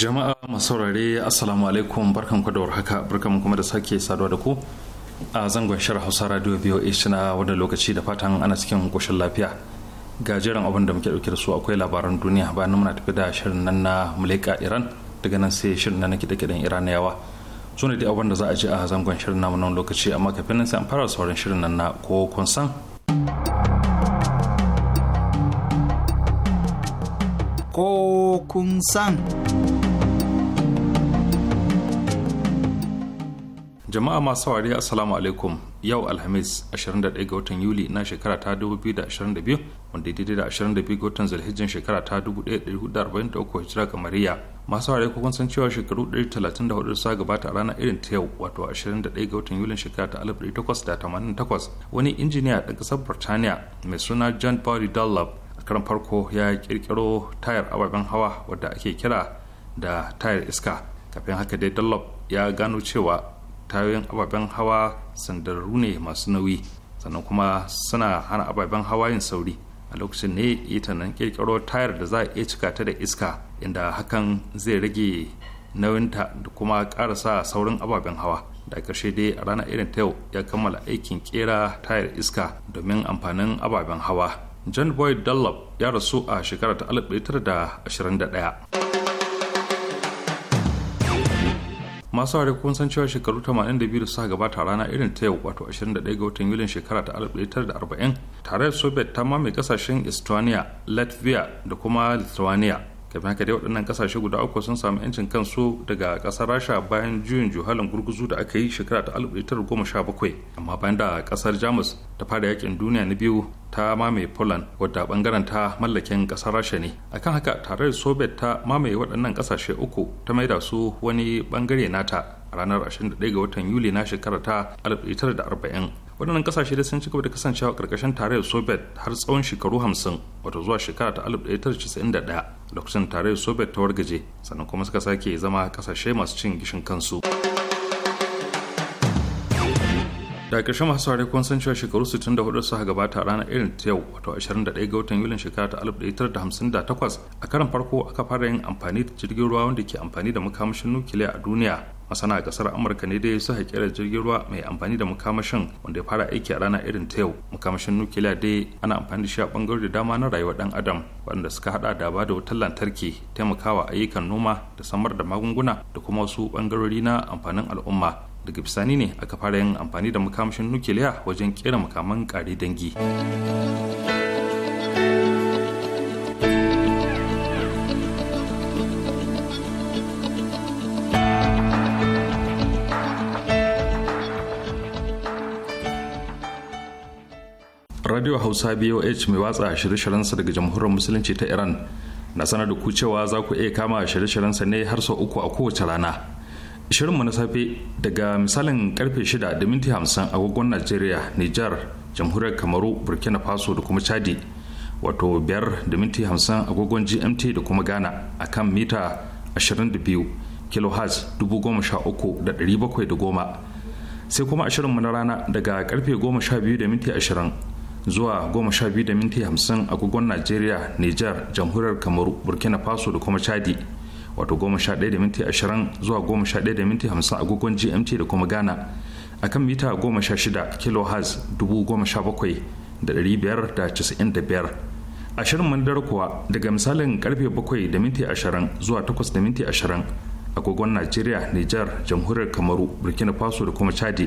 jama'a masu saurare assalamu alaikum barkan ku da warhaka barkan kuma da sake saduwa da ku a zangon shirin hausa radio voa suna wani lokaci da fatan ana cikin koshin lafiya ga jiran abin da muke dauke da su akwai labaran duniya bayan muna tafi da shirin nan na muleka iran daga nan sai shirin nan na kiɗe-kiɗen iraniyawa su ne dai abin da za a ji a zangon shirin namu nan lokaci amma kafin nan sai an fara sauran shirin nan na ko kun san ko kun san jama'a masu saurari assalamu alaikum yau alhamis 21 ga watan yuli na shekara ta 2022 wanda daidai da 22 ga watan zalhijjin shekara ta 1443 hijira kamariya masu saurari ko kun san cewa shekaru 134 sa gabata a ranar irin ta yau wato 21 ga watan yulin shekara ta 1888 wani injiniya daga kasar burtaniya mai suna john barry dunlop a karan farko ya kirkiro tayar ababen hawa wadda ake kira da tayar iska kafin haka dai dunlop ya gano cewa tayoyin ababen hawa sandararru ne masu nauyi sannan kuma suna hana ababen hawa yin sauri a lokacin ne ita nan kirkiro tayar da za a iya cika ta da iska inda hakan zai rage nauyinta da kuma sa saurin ababen hawa da karshe dai a ranar irin ta yau ya kammala aikin kera tayar iska domin amfanin ababen hawa john boyd dunlop ya rasu a shekarar ta 1921 masu hare kun san cewa shekaru 82 da suka gabata rana irin ta yau wato 21 ga watan yulin shekara ta 1940 tare da soviet ta mame kasashen estonia latvia da kuma lithuania kafin haka dai waɗannan ƙasashe guda uku sun samu 'yancin kansu daga ƙasar rasha bayan juyin juhalin gurguzu da aka yi shekara ta sha bakwai amma bayan da ƙasar jamus ta fara yakin duniya na biyu ta mamaye poland wadda bangaren ta mallakin ƙasar rasha ne akan haka tare da soviet ta mamaye waɗannan ƙasashe uku ta maida su wani bangare nata a ranar 21 ga watan yuli na shekara ta 1940 waɗannan ƙasashe da sun ci gaba da kasancewa ƙarƙashin tarayyar soviet har tsawon shekaru hamsin wato zuwa shekara ta 1991 lokacin tarayyar soviet ta wargaje sannan kuma suka sake zama ƙasashe masu cin gishin kansu daga ƙarshen masu saurari kuma sun cewa shekaru 64 suka gabata a ranar irin ta yau wato 21 ga watan yulin shekara ta 1958 a karan farko aka fara yin amfani da jirgin ruwa wanda ke amfani da makamashin nukiliya a duniya masana kasar amurka ne dai su haƙi jirgin ruwa mai amfani da mukamashin wanda ya fara aiki a rana irin ta yau mukamashin nukiliya dai ana amfani da shi a bangarori da dama na rayuwar dan adam waɗanda suka hada da ba da wutar lantarki taimakawa ayyukan noma da samar da magunguna da kuma wasu bangarori na amfanin al'umma daga bisani ne aka fara yin amfani da mukamashin nukiliya wajen kera mukaman kare dangi radio hausa boh mai watsa shirye sa daga jamhuriyar musulunci ta iran na sanar da ku cewa za ku iya kama shirye sa ne har sau uku a kowace rana shirinmu na safe daga misalin karfe shida da minti agogon najeriya nijar jamhuriyar kamaru burkina faso da kuma chadi wato 5.50 da minti agogon gmt da kuma ghana a kan mita 22 kilohertz 13710 sai kuma ashirinmu na rana daga karfe biyu da minti zuwa goma sha biyu agogon najeriya niger jamhuriyar kamaru burkina faso da kuma chadi wato goma sha ɗaya da zuwa goma sha ɗaya agogon gmt da kuma ghana a kan mita goma sha shida kilohertz dubu goma bakwai da biyar da da biyar ashirin mandar kuwa daga misalin karfe bakwai da minti ashirin zuwa takwas da minti ashirin agogon najeriya niger jamhuriyar kamaru burkina faso da kuma chadi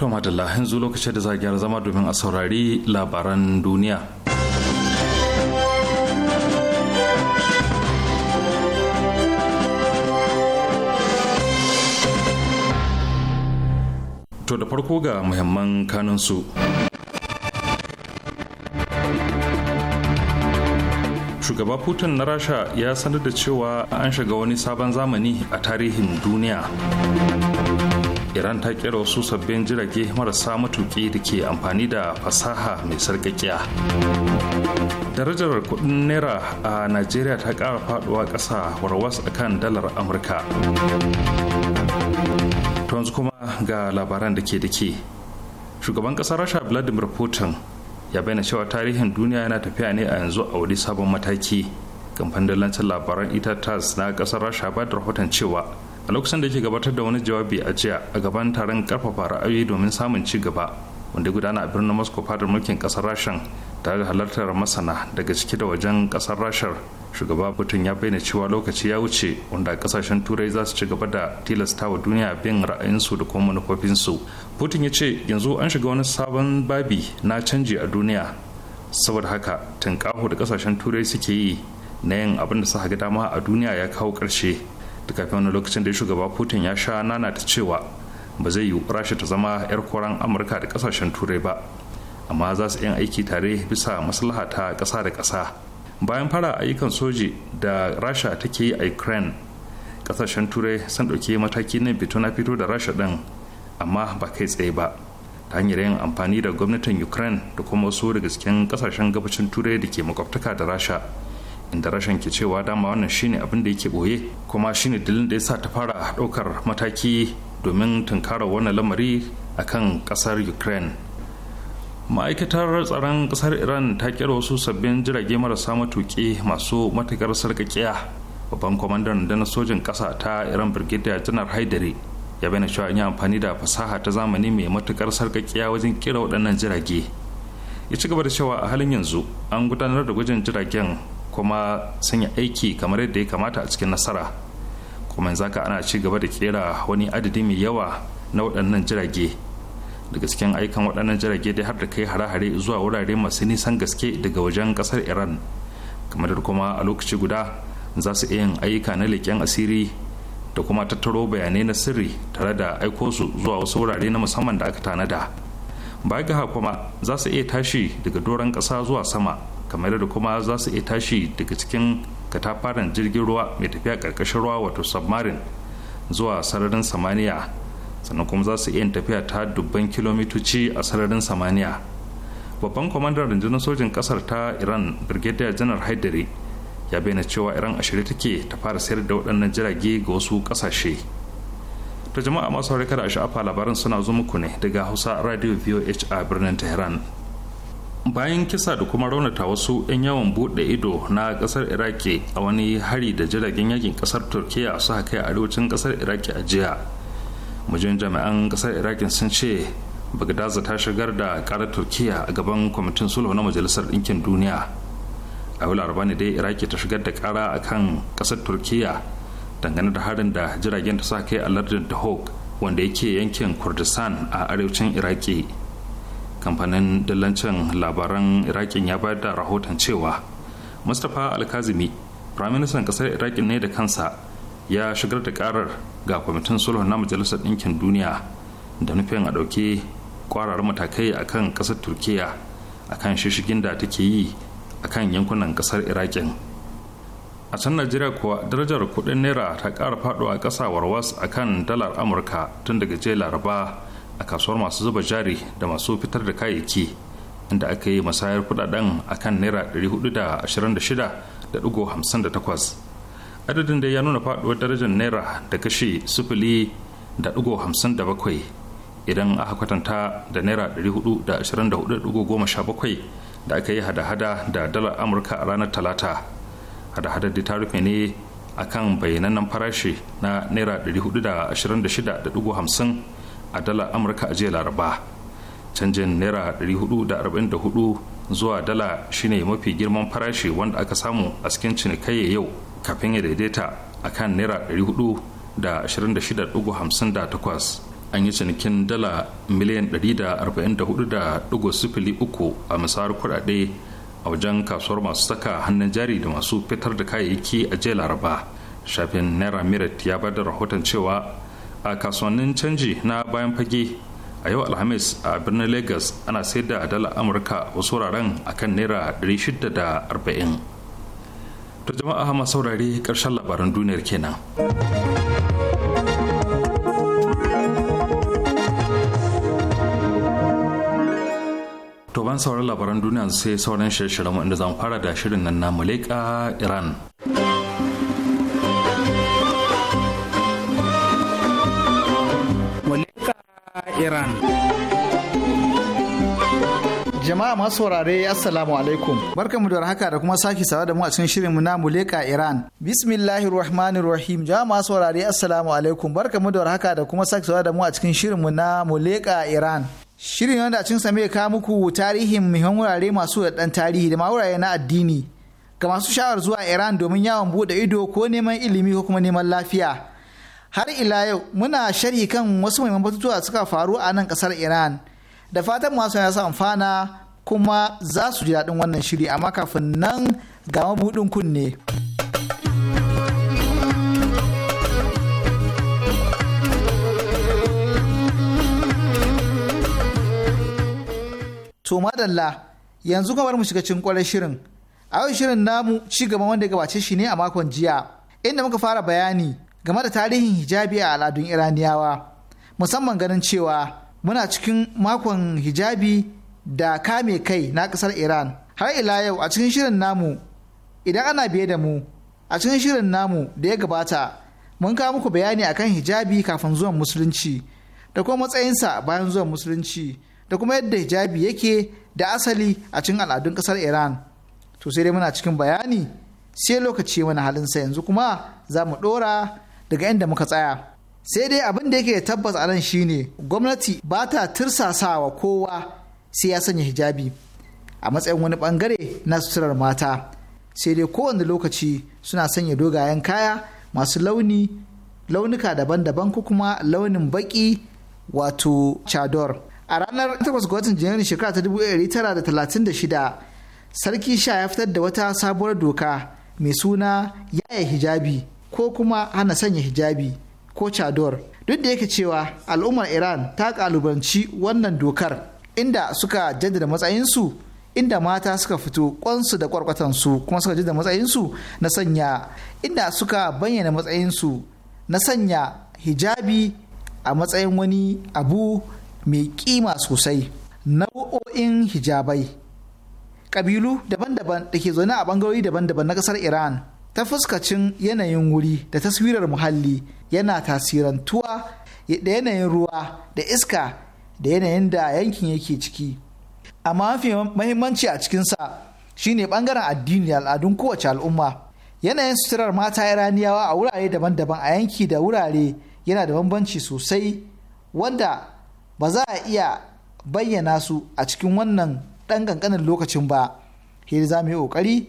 To madalla yanzu lokacin da za gyara zama domin a saurari labaran duniya. To da farko ga muhimman kanunsu. Shugaba Putin na Rasha ya sanar da cewa an shiga wani sabon zamani a tarihin duniya. iran ta kera wasu sabbin jirage marasa matuƙi da ke amfani da fasaha mai sarkakiya darajar kuɗin naira a najeriya ta kara faɗuwa ƙasa warwas a kan dalar amurka yanzu kuma ga labaran da ke da ke shugaban ƙasar rasha vladimir putin ya bayyana cewa tarihin duniya yana tafiya ne a yanzu a wani sabon mataki kamfanin dalancin labaran ita tas na ƙasar rasha ba da rahoton cewa a lokacin da ke gabatar da wani jawabi a jiya a gaban taron karfafa ra'ayoyi domin samun ci gaba wanda gudana a birnin moscow fadar mulkin kasar rashin tare halartar masana daga ciki da wajen kasar rashar shugaba putin ya bayyana cewa lokaci ya wuce wanda kasashen turai za su ci gaba da tilasta wa duniya bin ra'ayinsu da kuma manufofinsu putin ya ce yanzu an shiga wani sabon babi na canji a duniya saboda haka tunkaho da kasashen turai suke yi na yin abin da suka ga dama a duniya ya kawo ƙarshe da kafin wani lokacin da ya shugaba putin ya sha nana ta cewa ba zai yi rasha ta zama 'yar koran amurka da kasashen turai ba amma za su yin aiki tare bisa maslaha ta ƙasa da kasa. bayan fara ayyukan soji da rasha take yi a ukraine kasashen turai sun ɗauki mataki na fito na fito da rasha ɗin amma ba kai tsaye ba ta hanyar yin amfani da gwamnatin ukraine da kuma wasu daga cikin kasashen gabashin turai da ke makwabtaka da rasha inda rashin ke cewa dama wannan shine abin da yake boye kuma shine dalilin da yasa ta fara ɗaukar mataki domin tunkara wannan lamari a kan ƙasar ukraine ma'aikatar tsaron ƙasar iran ta kira wasu sabbin jirage marasa matuƙi masu matuƙar sarƙaƙiya babban kwamandan da na sojin ƙasa ta iran birgida janar haidari ya bayyana cewa an yi amfani da fasaha ta zamani mai matuƙar sarƙaƙiya wajen kira waɗannan jirage ya ci gaba da cewa a halin yanzu an gudanar da gwajin jiragen kuma sanya aiki kamar yadda ya kamata a cikin nasara kuma yanzu haka ana ci gaba da kera wani adadi mai yawa na waɗannan jirage daga cikin aikan waɗannan jirage dai har da kai hare-hare zuwa wurare masu nisan gaske daga wajen ƙasar iran kamar kuma a lokaci guda za su iya yin ayyuka na leƙen asiri da kuma tattaro bayanai na sirri tare da aiko su zuwa wasu wurare na musamman da aka tanada baya ga kuma za su iya tashi daga doron ƙasa zuwa sama kamar da kuma za su iya tashi daga cikin katafaren jirgin ruwa mai tafiya karkashin ruwa wato samarin zuwa sararin samaniya sannan kuma za su iya tafiya ta dubban kilomitoci a sararin samaniya babban kwamandan rundunar sojin kasar ta iran brigadier janar haidari ya bayyana cewa iran a shirye take ta fara sayar da waɗannan jirage ga wasu ƙasashe ta jama'a masu harkar da sha'afa labaran suna zo muku ne daga hausa radio voh a birnin tehran bayan kisa da kuma raunata wasu 'yan yawon buɗe ido na ƙasar iraki a wani hari da jiragen yakin ƙasar turkiya su haka a arewacin ƙasar iraki a jiya mujin jami'an ƙasar iraki sun ce bagdaza ta shigar da ƙarar turkiya a gaban kwamitin sulhu na majalisar ɗinkin duniya a wula laraba dai iraki ta shigar da ƙara a kan ƙasar turkiya dangane da harin da jiragen ta sa kai a lardin dahog wanda yake yankin kurdistan a arewacin iraki kamfanin dillancin labaran irakin ya bayar da rahoton cewa mustapha alkazimi firaministan kasar irakin ne da kansa ya shigar da karar ga kwamitin sulhu na majalisar ɗinkin duniya da nufin a ɗauke kwararar matakai a kan ƙasar turkiya a kan shishigin da take yi a kan yankunan ƙasar irakin a can najeriya kuwa darajar kuɗin naira ta ƙara faɗo a ƙasa warwas a kan dalar amurka tun daga jiya laraba a kasuwar masu zuba jari da masu fitar da kayayyaki inda aka yi musayar kudaden a kan naira 426.58 adadin da ya nuna faduwar darajar naira da kashi 0.57 idan aka kwatanta da naira 424.17 da aka yi hada-hada da dalar amurka a ranar talata hada hada da ta rufe ne a kan bayyanannen farashi na naira 426.50 a dala amurka a jiya laraba canjin naira 444 zuwa dala shine mafi girman farashi wanda aka samu a cikin cinikayya yau kafin ya daidaita a kan naira 426.58 an yi cinikin dala miliyan 144.03 a misar kudade a wajen kasuwar masu saka hannun jari da masu fitar da kayayyaki a jiya laraba shafin naira mirat ya bada rahoton cewa a kasuwannin canji na bayan fage a yau alhamis a birnin lagos ana sayar da dala amurka wasu wuraren akan naira 640 to jama'a hama saurari karshen labaran duniyar kenan to ban sauran labaran duniya sai sauran shirye-shiryen inda zan fara da shirin nan na muleka iran Iran. Jama'a masu saurare Assalamu alaikum. Barkanmu da haka da kuma sake sawa da mu a cikin shirin mu na Muleka Iran. bismillahirrahmanirrahim Jama'a masu saurare Assalamu alaikum. Barkanmu da haka da kuma sake sawa da mu a cikin shirin mu na Muleka Iran. Shirin yana a cikin sa ka muku tarihin muhimman wurare masu da dan tarihi da ma wurare na addini. Ga masu sha'awar zuwa Iran domin yawon bude ido ko neman ilimi ko kuma neman lafiya. har ila yau muna sharhi kan wasu muhimman batutuwa suka faru a nan kasar iran da fatan masu ya sa amfana kuma za su ji daɗin wannan shiri amma kafin nan ga mabuɗin kunne. To madalla yanzu kamar mu shiga cikin shirin. A yau shirin namu ci gaba wanda ya gabace shi ne a makon jiya inda muka fara bayani game da tarihin hijabi a al'adun iraniyawa musamman ganin cewa muna cikin makon hijabi da kame kai na kasar iran har ila yau a cikin shirin namu idan ana biye da mu a cikin shirin namu da ya gabata mun kawo muku bayani akan hijabi kafin zuwan musulunci da kuma matsayinsa bayan zuwan musulunci da kuma yadda hijabi yake da asali a cikin al'adun ƙasar iran to sai dai muna cikin bayani sai lokaci mana sa yanzu kuma za mu ɗora daga inda muka tsaya sai dai abin da yake tabbas a nan shine gwamnati ba ta tirsasawa kowa sai ya sanya hijabi a matsayin wani bangare na suturar mata sai dai kowane lokaci suna sanya dogayen kaya masu launi launuka daban-daban ko kuma launin baki wato chador a ranar 8 ga watan janairun shekara ta 1936 sarki sha ya fitar da wata sabuwar doka mai suna yaya hijabi ko kuma hana sanya hijabi ko chador duk da yake cewa al'ummar iran ta kalubanci wannan dokar inda suka jaddada matsayinsu inda mata suka fito kwansu da kwarkwatansu kuma suka jaddada matsayinsu na sanya inda suka bayyana matsayinsu na sanya hijabi a matsayin wani abu mai kima sosai nau'o'in hijabai ƙabilu daban-daban da ke zaune a bangarori daban-daban na ƙasar iran ta fuskacin yanayin wuri da taswirar muhalli yana tasirantuwa da yanayin ruwa da iska da yanayin da yankin yake ciki amma mafi mahimmanci a cikinsa shine bangaren addini da al'adun kowace al'umma yanayin suturar mata iraniyawa a wurare daban-daban a yanki da wurare yana da bambanci sosai wanda ba za a iya bayyana su a cikin wannan ɗan ƙanƙanin lokacin ba. Hira za mu yi ƙoƙari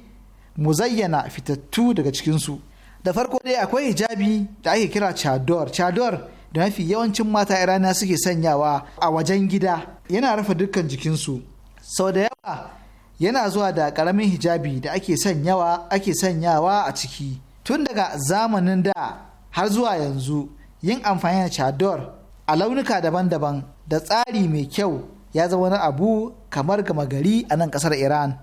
mu zayyana fitattu daga cikinsu da farko dai akwai hijabi da ake kira chador chador da mafi yawancin mata irana suke sanyawa a wajen gida yana rufe dukkan jikinsu sau da yawa yana zuwa da karamin hijabi da ake sanyawa ake sanyawa a ciki tun daga zamanin da har zuwa yanzu yin amfani da chador a launuka daban-daban da tsari mai kyau ya zama wani abu kamar gama gari a nan kasar iran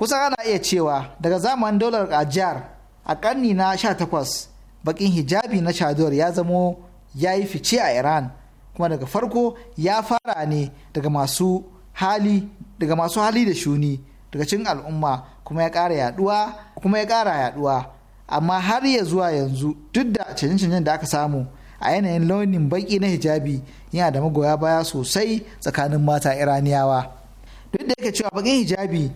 Kusa ana iya cewa daga zamanin dolar ajiyar a ƙarni na 18 bakin hijabi na chador ya zamo ya yi fice a iran kuma daga farko ya fara ne daga masu hali daga masu hali da shuni daga cin al'umma kuma ya ƙara yaduwa kuma ya ƙara yaduwa amma har ya zuwa yanzu duk da canje-canjen da aka samu a yanayin launin baki na hijabi yana da magoya baya sosai tsakanin mata iraniyawa duk da yake cewa bakin hijabi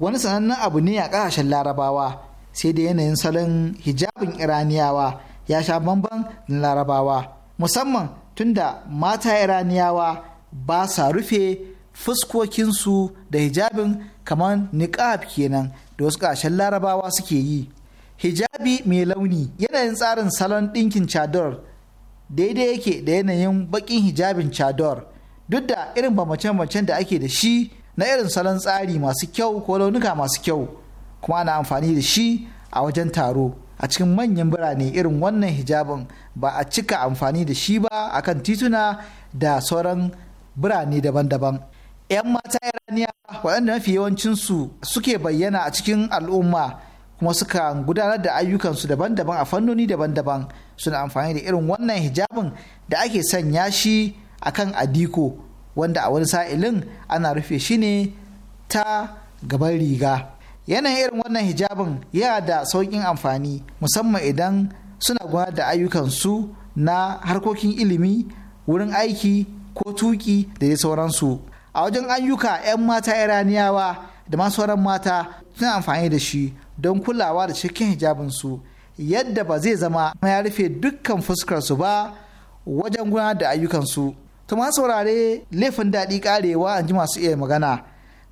wani sanannen abu ne a ƙasashen larabawa sai da yanayin salon hijabin iraniyawa ya sha bamban da larabawa musamman tunda mata iraniyawa ba sa rufe fuskokinsu da hijabin kamar niqab kenan da wasu ƙasashen larabawa suke yi hijabi mai launi yanayin tsarin salon ɗinkin chador daidai yake da yanayin baƙin hijabin chador duk da irin bambance-bambancen da ake da shi na irin salon tsari masu kyau ko launuka masu kyau kuma ana amfani da shi a wajen taro a cikin manyan birane irin wannan hijabin ba a cika amfani da shi ba a kan tituna da sauran birane daban-daban 'yan mata iraniya waɗanda mafi yawancinsu suke bayyana a cikin al'umma kuma suka gudanar da ayyukansu daban-daban a fannoni daban-daban suna amfani da irin wannan hijabin da ake sanya shi akan adiko wanda a wani sa'ilin ana rufe shi ne ta gaban riga yanayin irin wannan hijabin yana da sauƙin amfani musamman idan suna gudanar da ayyukansu na harkokin ilimi wurin aiki ko tuki da ya sauransu a wajen ayyuka 'yan mata iraniyawa da masu sauran mata suna amfani da shi don kulawa da cikin hijabinsu yadda ba zai zama ya rufe dukkan fuskarsu ba wajen gudanar da ayyukansu ma saurare laifin daɗi ƙarewa an ji masu iya magana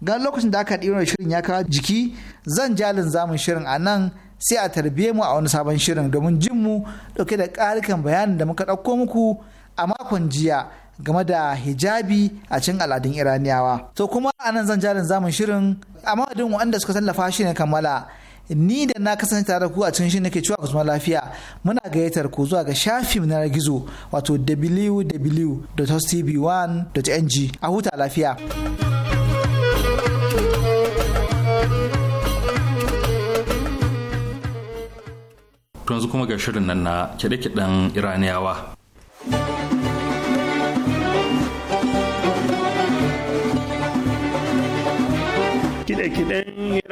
gan lokacin da aka ɗiro shirin ya kawo jiki zan jalin zamun shirin a nan sai a tarbiye mu a wani sabon shirin domin jin mu ɗauke da ƙarikan bayanin da muka ɗauko muku a makon jiya game da hijabi a cikin al'adun iraniyawa to kuma a nan zan jalin zamun shirin a madadin waɗanda suka tallafa shi ne kammala ni da na kasance tare da ku a cikin shi nake cewa kusurma lafiya muna gayyatar ku zuwa ga shafin na gizo wato www.hostv1.ng a huta lafiya. yanzu kuma ga shirin nan na kiɗe-kiɗen iraniyawa kiɗe-kiɗen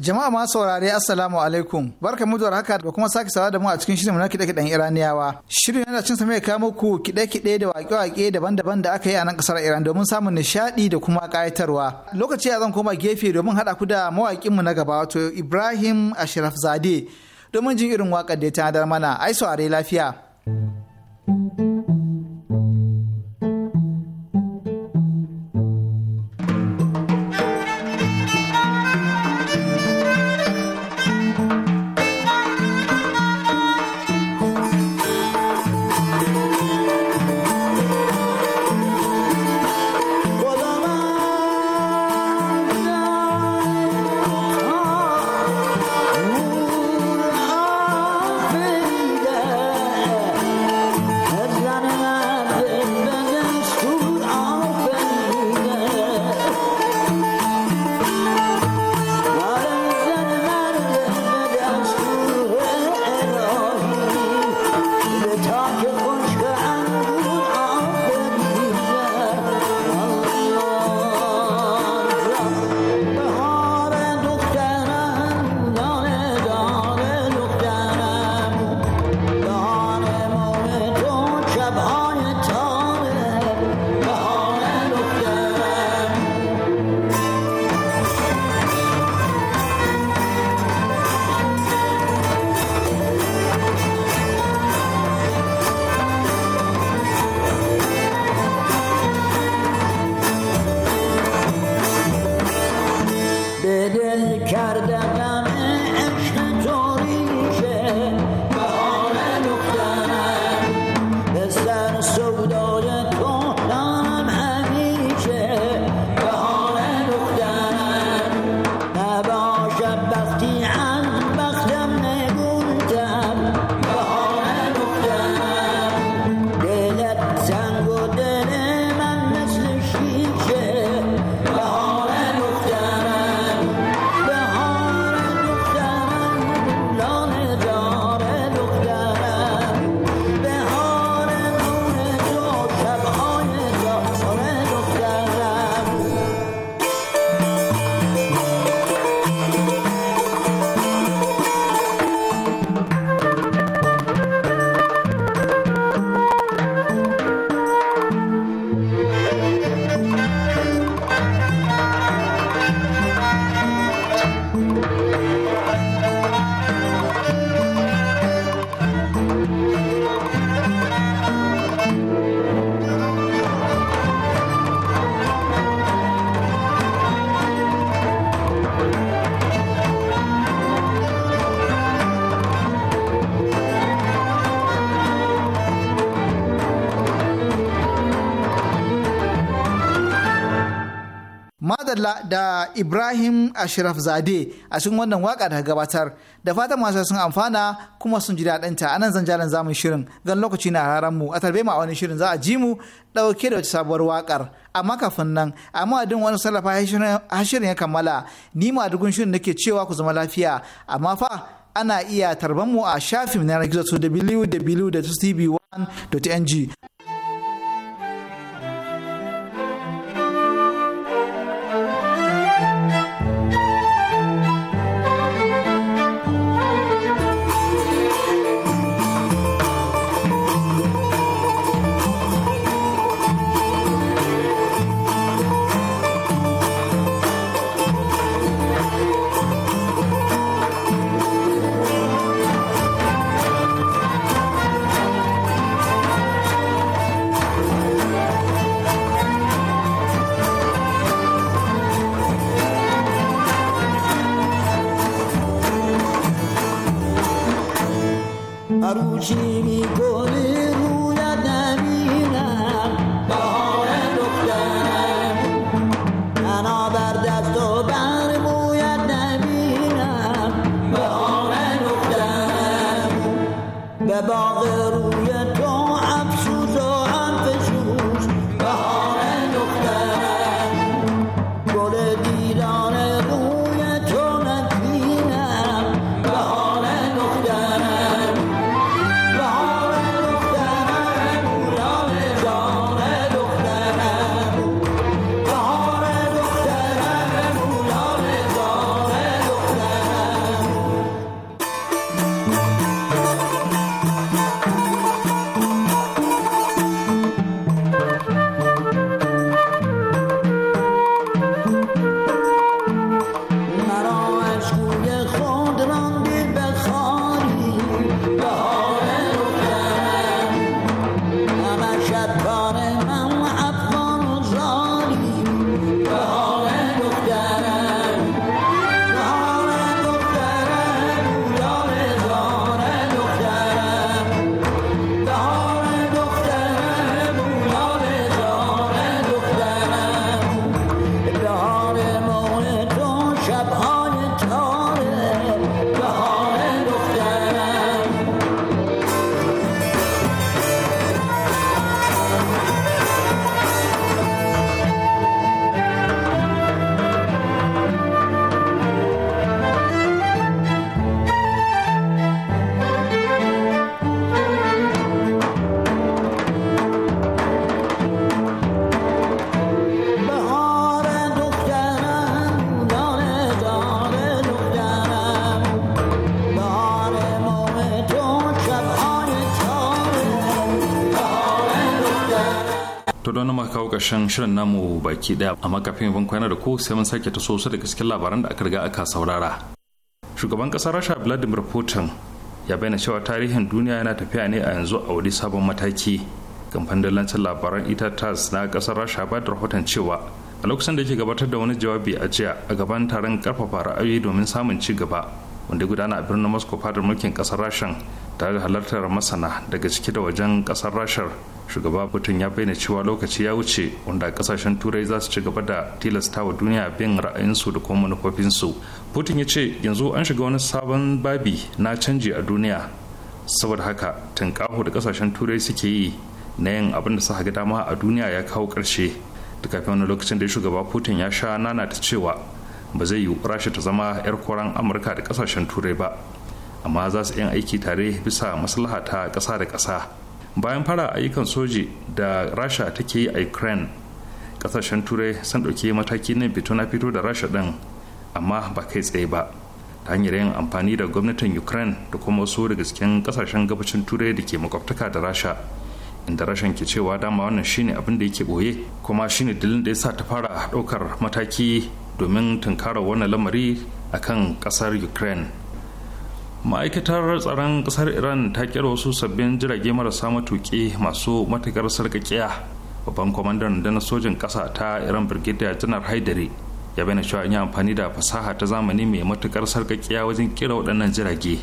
jama'a ma saurare assalamu alaikum barka mu da haka da kuma sake sawa da mu a cikin shirin na kide kiɗen iraniyawa shirin yana cin mai kawo muku kiɗe kiɗe da waƙe waƙe daban-daban da aka yi a nan ƙasar iran domin samun nishaɗi da kuma kayatarwa. lokaci ya zan koma gefe domin haɗa ku da mawaƙin mu na gaba wato ibrahim ashraf zade domin jin irin waƙar da ya tanadar mana ai saurare lafiya. madalla da ibrahim ashraf zade a cikin wannan waka da gabatar da fatan masu sun amfana kuma sun ji daɗin ta anan zan jalan zamun shirin gan lokaci na raran mu a tarbe ma wani shirin za a ji mu ɗauke da wata sabuwar wakar amma kafin nan amma adin wani sarrafa shirin ya kammala ni ma dugun shirin nake cewa ku zama lafiya amma fa ana iya tarban mu a shafin na gizo www.tv1.ng karshen shirin namu baki daya amma kafin ban kwana da ku sai mun sake taso su da gaskin labaran da aka riga aka saurara shugaban kasar rasha vladimir putin ya bayyana cewa tarihin duniya yana tafiya ne a yanzu a wani sabon mataki kamfanin dalancin labaran ita tas na kasar rasha ba da rahoton cewa a lokacin da ke gabatar da wani jawabi a jiya a gaban taron karfafa ra'ayoyi domin samun ci gaba wanda gudana a birnin moscow fadar mulkin kasar rasha tare da halartar masana daga ciki da wajen kasar rashar shugaba putin ya bayyana cewa lokaci ya wuce wanda kasashen turai za su ci gaba da wa duniya bin ra'ayinsu da kuma manufofinsu putin ya ce yanzu an shiga wani sabon babi na canji a duniya saboda haka tunƙaho da kasashen turai suke yi na yin abin da suka ga dama a duniya ya kawo karshe da kafin wani lokacin da shugaba putin ya sha nana ta cewa ba zai yi rasha ta zama 'yar koran amurka da kasashen turai ba amma za su yin aiki tare bisa maslaha ta ƙasa da ƙasa bayan fara ayyukan soji da rasha take yi a ukraine ƙasashen turai sun ɗauki mataki na fito na fito da rasha ɗin amma ba kai tsaye ba ta hanyar yin amfani da gwamnatin ukraine da kuma wasu daga cikin ƙasashen gabacin turai da ke makwabtaka da rasha inda rashin ke cewa dama wannan shine abin da yake boye kuma shine dalilin da ya sa ta fara ɗaukar mataki domin tunkarar wannan lamari akan ƙasar ukraine ma'aikatar tsaron kasar iran ta kera wasu sabbin jirage marasa matuƙi masu matukar sarkakiya babban kwamandan na sojin kasa ta iran birgida janar haidari ya bayyana cewa yi amfani da fasaha ta zamani mai matukar sarkakiya wajen kera waɗannan jirage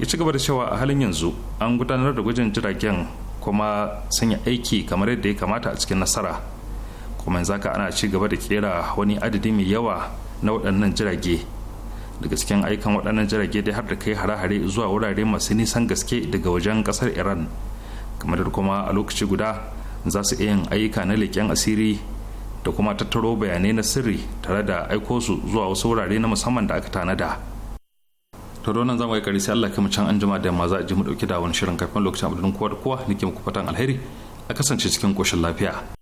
ya ci gaba da cewa a halin yanzu an gudanar da gwajin jiragen kuma sun yi aiki kamar yadda ya kamata a cikin nasara kuma yanzu ana ci gaba da kera wani adadi mai yawa na waɗannan jirage daga cikin aikan waɗannan jirage dai har da kai hare-hare zuwa wurare masu nisan gaske daga wajen ƙasar iran kamar da kuma a lokaci guda za su iya yin ayyuka na leƙen asiri da kuma tattaro bayanai na sirri tare da aiko su zuwa wasu wurare na musamman da aka tanada to don nan zamu yi kari sai Allah kuma can an jima da yamma za a ji mu dauki da wani shirin kafin lokacin abudin kowa da kowa nake muku fatan alheri a kasance cikin koshin lafiya